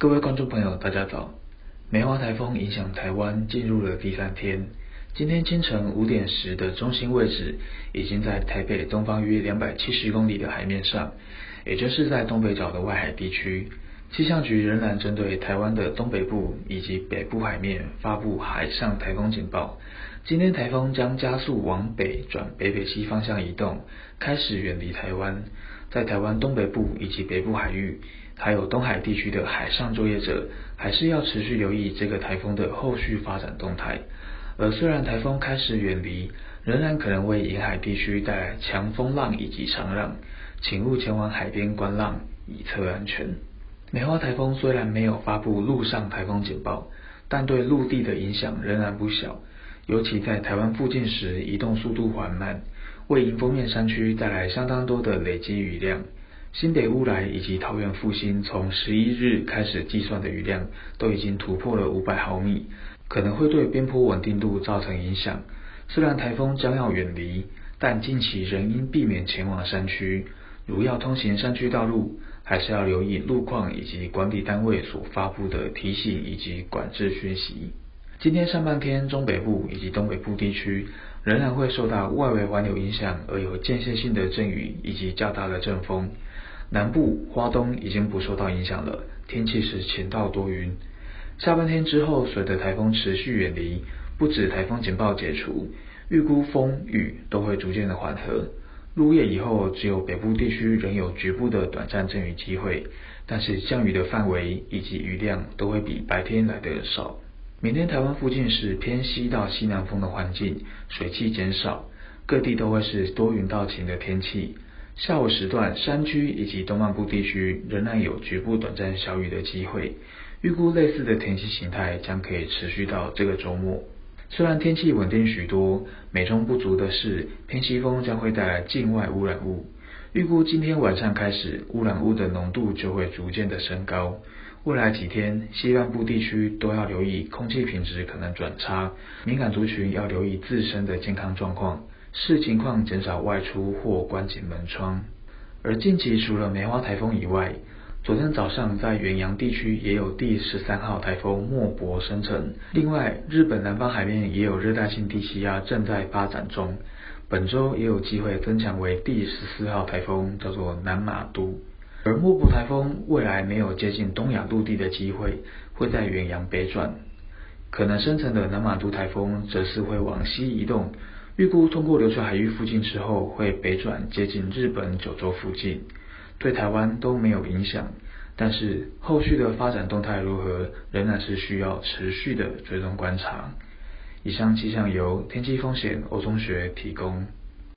各位觀眾朋友，大家好。梅花台風影響台灣進入了第三天。今天清晨五點時的中心位置，已經在台北東方約兩百七十公里的海面上，也就是在東北角的外海地區。氣象局仍然針對台灣的東北部以及北部海面發布海上台風警報。今天台風將加速往北轉北北西方向移動，開始遠離台灣。在台灣東北部以及北部海域，還有東海地區的海上作業者，還是要持續留意這個台風的後續發展動態。而雖然台風開始遠離，仍然可能為沿海地區帶來強風浪以及長浪，請勿前往海邊觀浪，以策安全。梅花颱風雖然沒有發布陸上颱風警報，但對陸地的影響仍然不小。尤其在台灣附近時，移動速度緩慢，為迎風面山區帶來相當多的累積雨量。新北烏來以及桃園復興從十一日開始計算的雨量都已經突破了五百毫米，可能會對邊坡穩定度造成影響。雖然颱風將要遠離，但近期仍應避免前往山區。如要通行山區道路，還是要留意路況以及管理單位所發布的提醒以及管制訊息。今天上半天，中北部以及東北部地區仍然會受到外圍環流影響而有間歇性的陣雨以及較大的陣風。南部、花東已經不受到影響了，天氣是晴到多雲。下半天之後，隨着台風持續遠離，不只台風警報解除，預估風雨都會逐漸的緩和。入夜以後，只有北部地區仍有局部的短暫陣雨機會，但是降雨的範圍以及雨量都會比白天來得少。明天台灣附近是偏西到西南風的環境，水汽減少，各地都會是多雲到晴的天氣。下午時段，山區以及東半部地區仍然有局部短暫小雨的機會。預估類似的天氣形態將可以持續到這個週末。雖然天氣穩定許多，美中不足的是，偏西風將會帶來境外污染物。預估今天晚上開始，污染物的濃度就會逐漸的升高。未來幾天，西半部地區都要留意空氣品質可能轉差，敏感族群要留意自身的健康狀況，視情況減少外出或關緊門窗。而近期除了梅花颱風以外，昨天早上，在遠洋地區也有第十三號颱風莫柏生成。另外，日本南方海面也有熱帶性低氣壓正在發展中，本周也有機會增強為第十四號颱風，叫做南瑪都。而莫柏颱風未來沒有接近東亞陸地的機會，會在遠洋北轉。可能生成的南瑪都颱風則是會往西移動，預估通過琉球海域附近之後會北轉接近日本九州附近。對台灣都沒有影響，但是後續的發展動態如何，仍然是需要持續的追蹤觀察。以上氣象由天氣風險歐宗學提供。